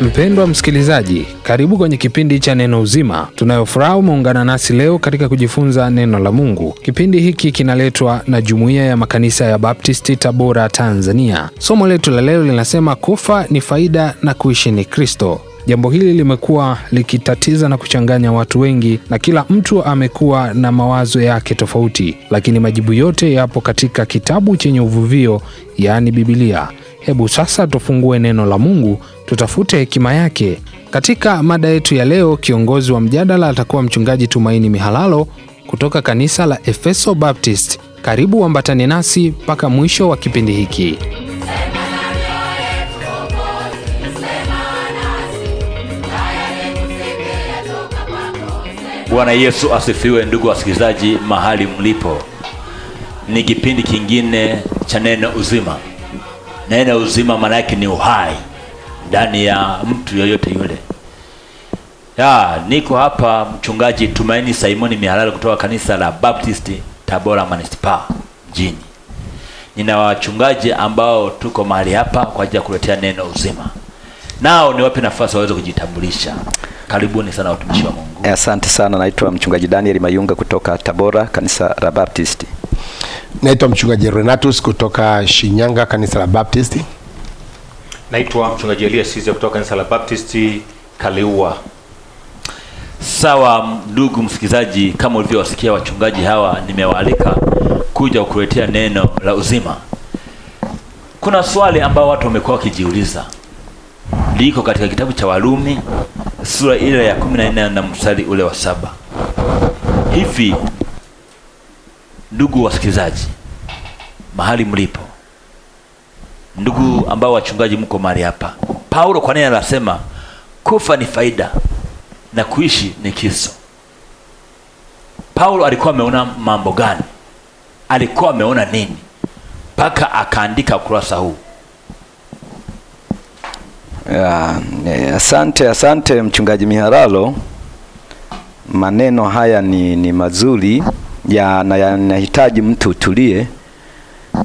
Mpendwa msikilizaji, karibu kwenye kipindi cha Neno Uzima. Tunayofuraha umeungana nasi leo katika kujifunza neno la Mungu. Kipindi hiki kinaletwa na Jumuiya ya Makanisa ya Baptisti, Tabora, Tanzania. Somo letu la leo linasema kufa ni faida na kuishi ni Kristo. Jambo hili limekuwa likitatiza na kuchanganya watu wengi, na kila mtu amekuwa na mawazo yake tofauti, lakini majibu yote yapo katika kitabu chenye uvuvio, yaani Bibilia. Hebu sasa tufungue neno la Mungu, tutafute hekima yake. Katika mada yetu ya leo, kiongozi wa mjadala atakuwa Mchungaji Tumaini Mihalalo kutoka kanisa la Efeso Baptist. Karibu ambatane nasi mpaka mwisho wa kipindi hiki. Bwana Yesu asifiwe, ndugu wasikilizaji mahali mlipo. Ni kipindi kingine cha neno uzima. Neno uzima maana yake ni uhai ndani ya mtu yoyote yule. Ya, niko hapa mchungaji Tumaini Simoni Mihalalo kutoka kanisa la Baptist Tabora Manispaa mjini. Nina wachungaji ambao tuko mahali hapa kwa ajili ya kuletea neno uzima. Nao niwape nafasi waweze kujitambulisha. Karibuni sana watumishi wa Mungu. Asante sana, naitwa mchungaji Daniel Mayunga kutoka Tabora, kanisa la Baptist. Naitwa mchungaji Renatus kutoka Shinyanga, kanisa la Baptist. Naitwa mchungaji Elias Size kutoka kanisa la Baptist Kaliua. Sawa, ndugu msikilizaji, kama ulivyowasikia wachungaji hawa, nimewaalika kuja kukuletea neno la uzima. Kuna swali ambao watu wamekuwa wakijiuliza, liko katika kitabu cha Warumi sura ile ya kumi na nne na mstari ule wa saba hivi ndugu wasikilizaji, mahali mlipo, ndugu ambao wachungaji mko mahali hapa, Paulo kwa nini anasema kufa ni faida na kuishi ni kiso? Paulo alikuwa ameona mambo gani? Alikuwa ameona nini mpaka akaandika ukurasa huu? Ya, asante asante mchungaji Mihalalo, maneno haya ni, ni mazuri yanahitaji mtu utulie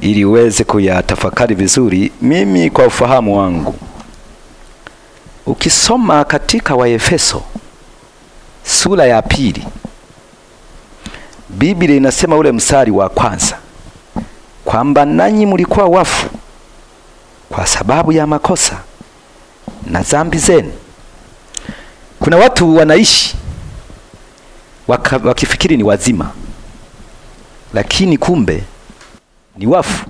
ili uweze kuyatafakari vizuri. Mimi kwa ufahamu wangu, ukisoma katika Waefeso sura ya pili, Biblia inasema ule msari wa kwanza kwamba nanyi mlikuwa wafu kwa sababu ya makosa na dhambi zenu. Kuna watu wanaishi wakifikiri ni wazima lakini kumbe ni wafu.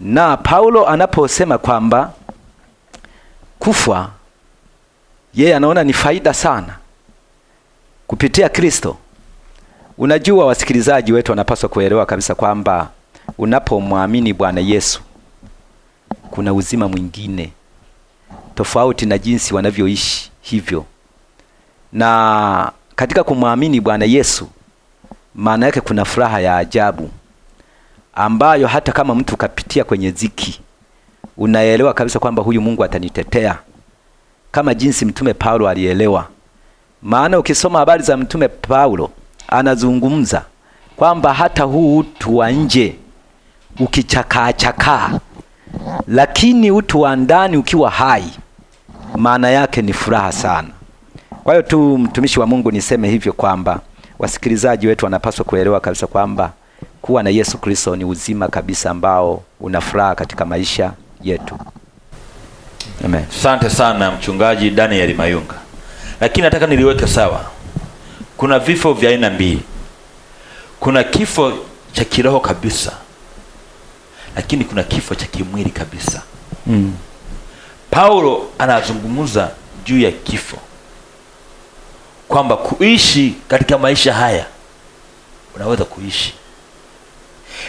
Na Paulo anaposema kwamba kufa yeye anaona ni faida sana kupitia Kristo. Unajua, wasikilizaji wetu wanapaswa kuelewa kabisa kwamba unapomwamini Bwana Yesu kuna uzima mwingine tofauti na jinsi wanavyoishi hivyo, na katika kumwamini Bwana Yesu maana yake kuna furaha ya ajabu ambayo hata kama mtu kapitia kwenye ziki, unaelewa kabisa kwamba huyu Mungu atanitetea, kama jinsi Mtume Paulo alielewa. Maana ukisoma habari za Mtume Paulo, anazungumza kwamba hata huu utu wa nje chakaa, lakini utu wa ndani ukiwa hai, maana yake ni furaha sana. Kwa hiyo tu, mtumishi wa Mungu, niseme hivyo kwamba Wasikilizaji wetu wanapaswa kuelewa kabisa kwamba kuwa na Yesu Kristo ni uzima kabisa ambao una furaha katika maisha yetu. Amen. Asante sana mchungaji Daniel Mayunga, lakini nataka niliweke sawa. Kuna vifo vya aina mbili. Kuna kifo cha kiroho kabisa, lakini kuna kifo cha kimwili kabisa. Mm. Paulo anazungumza juu ya kifo kwamba kuishi katika maisha haya unaweza kuishi,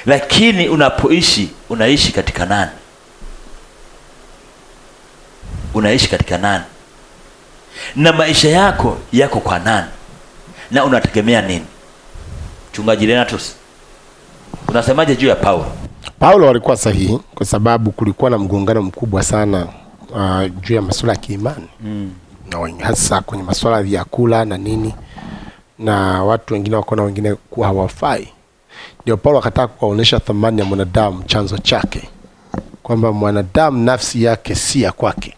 lakini unapoishi unaishi katika nani? Unaishi katika nani? na maisha yako yako kwa nani? na unategemea nini? Mchungaji Renatus, unasemaje juu ya Paulo? Paulo alikuwa sahihi kwa sababu kulikuwa na mgongano mkubwa sana uh, juu ya masuala ya kiimani mm hasa kwenye masuala ya vyakula na nini, na watu wengine wakaona wengine kuwa hawafai. Ndio Paulo akataka kuwaonyesha thamani ya mwanadamu, chanzo chake, kwamba mwanadamu nafsi yake si ya kwake,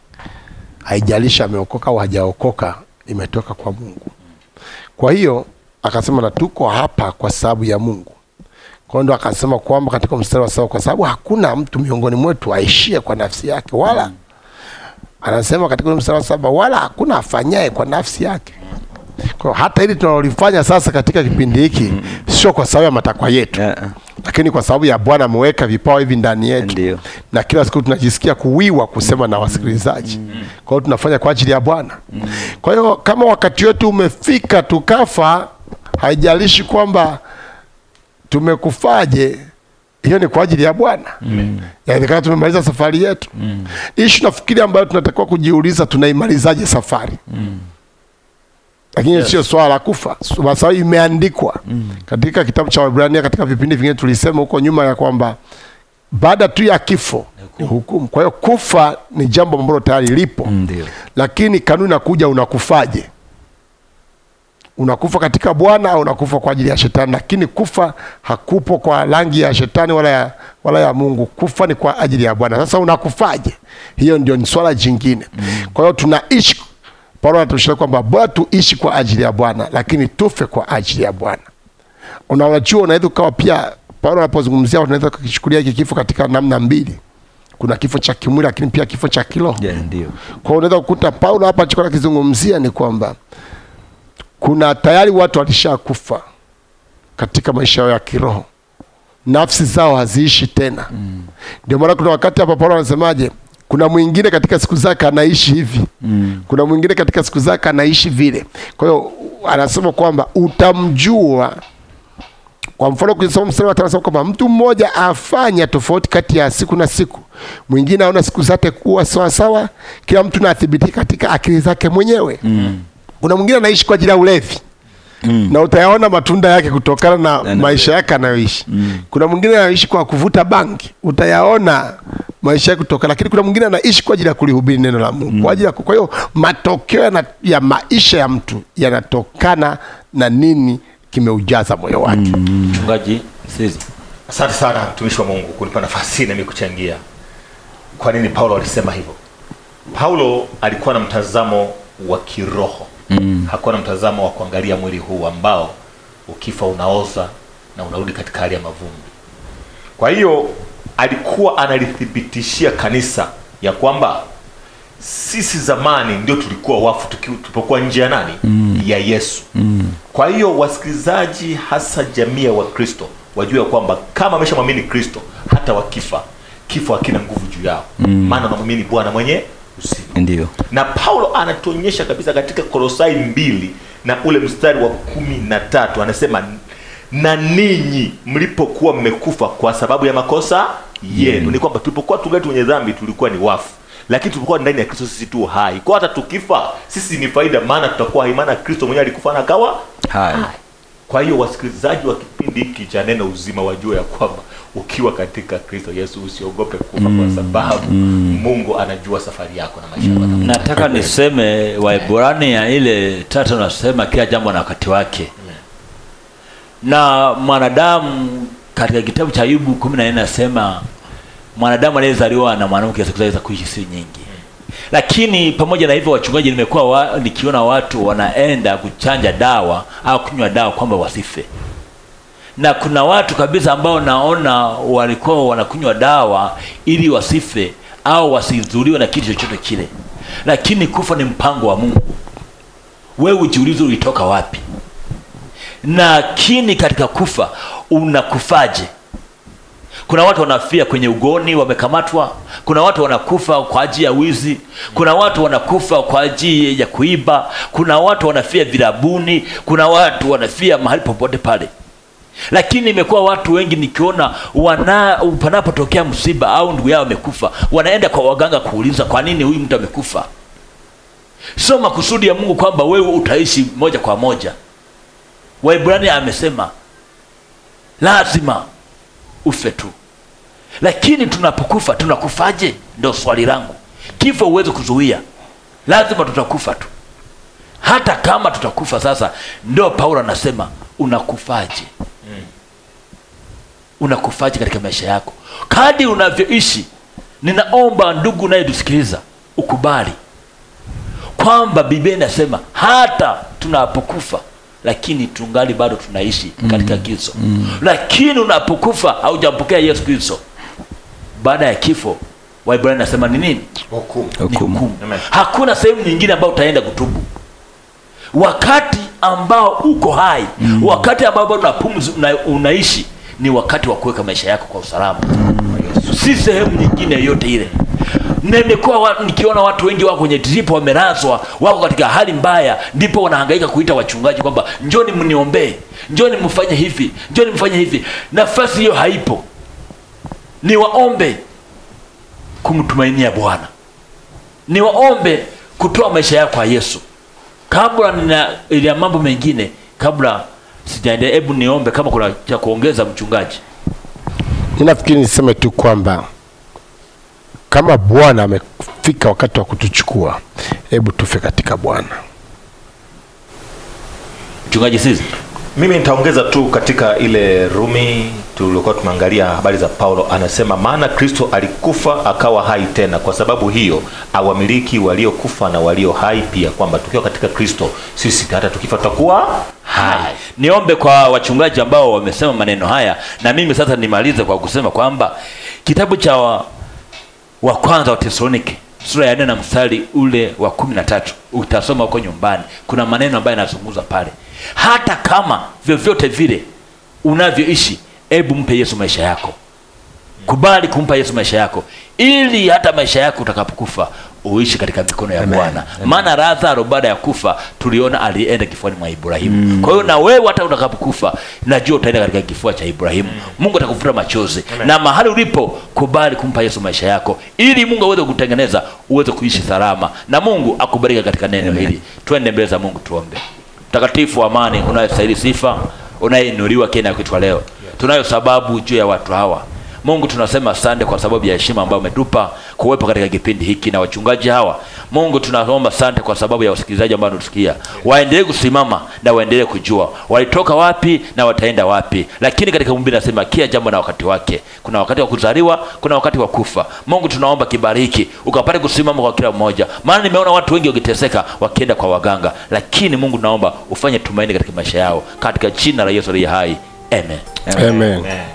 haijalishi ameokoka au hajaokoka, imetoka kwa Mungu. Kwa hiyo akasema na tuko hapa kwa sababu ya Mungu. Kwa ndo akasema kwamba katika mstari wa saba, kwa sababu hakuna mtu miongoni mwetu aishie kwa nafsi yake wala mm anasema katika ule mstari wa saba, wala hakuna afanyaye kwa nafsi yake. Kwa hata hili tunalolifanya sasa katika kipindi hiki mm sio kwa sababu ya matakwa yetu yeah. lakini kwa sababu ya Bwana ameweka vipawa hivi ndani yetu Ndiyo. na kila siku tunajisikia kuwiwa kusema mm na wasikilizaji mm kwa hiyo tunafanya kwa ajili ya Bwana mm kwa hiyo kama wakati wetu umefika tukafa, haijalishi kwamba tumekufaje hiyo ni kwa ajili ya Bwana. Mm. Yaonekana tumemaliza safari yetu. Mm. Ishu nafikiri ambayo tunatakiwa kujiuliza tunaimalizaje safari? Mm. Lakini yes, sio swala la kufa. Kwa sababu imeandikwa mm, katika kitabu cha Waebrania katika vipindi vingine tulisema huko nyuma ya kwamba baada tu ya kifo ni hukumu. Kwa hiyo kufa ni jambo ambalo tayari lipo. Mm, lakini kanuni nakuja unakufaje? unakufa katika Bwana au unakufa kwa ajili ya Shetani. Lakini kufa hakupo kwa rangi ya Shetani wala ya, wala ya Mungu. Kufa ni kwa ajili ya Bwana. Sasa unakufaje? Hiyo ndio ni swala jingine. Mm. Kwa hiyo tunaishi, Paulo anatushauri kwamba bora tuishi kwa ajili ya Bwana, lakini tufe kwa ajili ya Bwana. Unajua, unaweza ukawa pia, Paulo anapozungumzia unaweza kukichukulia hiki kifo katika namna mbili kuna kifo cha kimwili lakini pia kifo cha kiroho. Yeah, ndio. Kwa hiyo unaweza kukuta Paulo hapa alichokuwa akizungumzia ni kwamba kuna tayari watu walishakufa katika maisha yao ya kiroho, nafsi zao haziishi tena. Ndio mm. maana kuna wakati hapa Paulo anasemaje, kuna mwingine katika siku zake anaishi hivi mm. kuna mwingine katika siku zake anaishi vile. Kwa hiyo anasema kwamba utamjua kwa mfano kusoma mstari wa tano kwamba mtu mmoja afanya tofauti kati ya siku na siku, mwingine aona siku zake kuwa sawasawa, kila mtu athibiti katika akili zake mwenyewe mm. Kuna mwingine anaishi kwa ajili ya ulevi mm. na utayaona matunda yake kutokana na Anabe. maisha yake anayoishi mm. Kuna mwingine anaishi kwa kuvuta bangi, utayaona maisha yake kutoka, lakini kuna mwingine anaishi kwa ajili ya kulihubiri neno la Mungu mm. kwa ajili ya. Kwa hiyo matokeo ya, ya maisha ya mtu yanatokana na nini kimeujaza moyo wake. Mm. Mchungaji mm. Sisi, asante sana mtumishi wa Mungu kunipa nafasi na mimi kuchangia. Kwa nini Paulo alisema hivyo? Paulo alikuwa na mtazamo wa kiroho mm. hakuwa na mtazamo wa kuangalia mwili huu ambao ukifa unaoza na unarudi katika hali ya mavumbi. Kwa hiyo alikuwa analithibitishia kanisa ya kwamba sisi zamani ndio tulikuwa wafu tulipokuwa nje ya nani? mm. ya Yesu mm. Kwa hiyo wasikilizaji, hasa jamii ya Wakristo wajue kwamba kama ameshamwamini Kristo, hata wakifa kifo hakina nguvu juu yao, mm. maana mm. anamwamini Bwana mwenye Ndiyo. Na Paulo anatuonyesha kabisa katika Kolosai mbili na ule mstari wa kumi na tatu anasema na ninyi mlipokuwa mmekufa kwa sababu ya makosa yenu. Ni kwamba tulipokuwa tungali wenye dhambi tulikuwa ni wafu, lakini tulipokuwa ndani ya Kristo sisi tu hai. Kwa hata tukifa sisi ni faida, maana tutakuwa hai, maana Kristo mwenyewe alikufa na kawa hai. Kwa hiyo wasikilizaji wa kipindi hiki cha Neno Uzima wajue ya kwamba ukiwa katika Kristo Yesu usiogope kufa mm. kwa sababu mm. Mungu anajua safari yako na maisha yako. Mm. Nataka niseme Waebrania ile tatu nasema kila jambo na wakati wake. Mm. Na mwanadamu katika kitabu cha Ayubu 14 nasema mwanadamu aliyezaliwa na mwanamke asiweza kuishi siku nyingi. Mm. Lakini pamoja na hivyo, wachungaji, nimekuwa wa, nikiona watu wanaenda kuchanja dawa au kunywa dawa kwamba wasife na kuna watu kabisa ambao naona walikuwa wanakunywa dawa ili wasife au wasidhuriwe na kitu chochote kile, lakini kufa ni mpango wa Mungu. Wewe ujiulize ulitoka wapi, lakini katika kufa unakufaje? Kuna watu wanafia kwenye ugoni wamekamatwa. Kuna watu wanakufa kwa ajili ya wizi. Kuna watu wanakufa kwa ajili ya kuiba. Kuna watu wanafia vilabuni. Kuna watu wanafia mahali popote pale. Lakini imekuwa watu wengi nikiona wana panapotokea msiba au ndugu yao amekufa, wanaenda kwa waganga kuuliza kwa nini huyu mtu amekufa. Sio makusudi ya Mungu kwamba wewe utaishi moja kwa moja. waibrani amesema lazima ufe tu, lakini tunapokufa tunakufaje? Ndio swali langu. Kifo huwezi kuzuia, lazima tutakufa tu, hata kama tutakufa sasa. Ndio Paulo anasema unakufaje? mm. unakufaje katika maisha yako kadi unavyoishi. Ninaomba ndugu unayetusikiliza ukubali kwamba Biblia inasema hata tunapokufa lakini tungali bado tunaishi katika gizo mm. mm. lakini unapokufa haujampokea Yesu Kristo, baada ya kifo Waibrani nasema ni nini? Hukumu. Hakuna sehemu nyingine ambayo utaenda kutubu wakati ambao uko hai mm. wakati ambao bado unapumzi una, unaishi ni wakati wa kuweka maisha yako kwa usalama, si sehemu nyingine yoyote ile. Nimekuwa wa, nikiona watu wengi wako kwenye dripo, wamelazwa, wako katika hali mbaya, ndipo wanahangaika kuita wachungaji kwamba njoni mniombee, njoni mfanye hivi, njoni mfanye hivi. Nafasi hiyo haipo, ni waombe kumtumainia Bwana, ni waombe kutoa maisha yao kwa Yesu kabla nina ya mambo mengine, kabla sijaendelea, hebu niombe kama kuna cha kuongeza, mchungaji. Ninafikiri niseme tu kwamba kama Bwana amefika wakati wa kutuchukua, hebu tufe katika Bwana. Mchungaji, sisi mimi nitaongeza tu katika ile Rumi tuliokuwa tumeangalia habari za Paulo, anasema maana Kristo alikufa akawa hai tena, kwa sababu hiyo awamiliki waliokufa na walio hai pia, kwamba tukiwa katika Kristo sisi hata tukifa tutakuwa hai. Niombe kwa wachungaji ambao wamesema maneno haya, na mimi sasa nimalize kwa kusema kwamba kitabu cha wa, wa kwanza wa Tesalonike sura ya nne na mstari ule wa kumi na tatu utasoma huko nyumbani, kuna maneno ambayo yanazungumzwa pale hata kama vyovyote vile unavyoishi, hebu mpe Yesu maisha yako. Kubali kumpa Yesu maisha yako, ili hata maisha yako utakapokufa uishi katika mikono ya Bwana. Maana Lazaro baada ya kufa tuliona alienda kifuani mwa Ibrahimu. Mm. Kwa hiyo na wewe hata utakapokufa najua utaenda katika kifua cha Ibrahimu. Mm. Mungu atakufuta machozi. Amen. Na mahali ulipo kubali kumpa Yesu maisha yako ili Mungu aweze kutengeneza uweze kuishi salama. Na Mungu akubariki katika neno hili. Twende mbele za Mungu tuombe mtakatifu wa amani, unayostahili sifa, unayeinuliwa kena ya leo. Tunayo sababu juu ya watu hawa Mungu tunasema asante kwa sababu ya heshima ambayo umetupa kuwepo katika kipindi hiki na wachungaji hawa. Mungu tunaomba asante kwa sababu ya wasikilizaji ambao wanatusikia, waendelee kusimama na waendelee kujua walitoka wapi na wataenda wapi, lakini katika Biblia nasema kila jambo na wakati wake. Kuna wakati wa kuzaliwa, kuna wakati wa kufa. Mungu tunaomba kibariki, ukapate kusimama kwa kila mmoja, maana nimeona watu wengi wakiteseka wakienda kwa waganga, lakini Mungu tunaomba ufanye tumaini katika maisha yao, katika jina la Yesu aliye hai, amen, amen. amen. amen.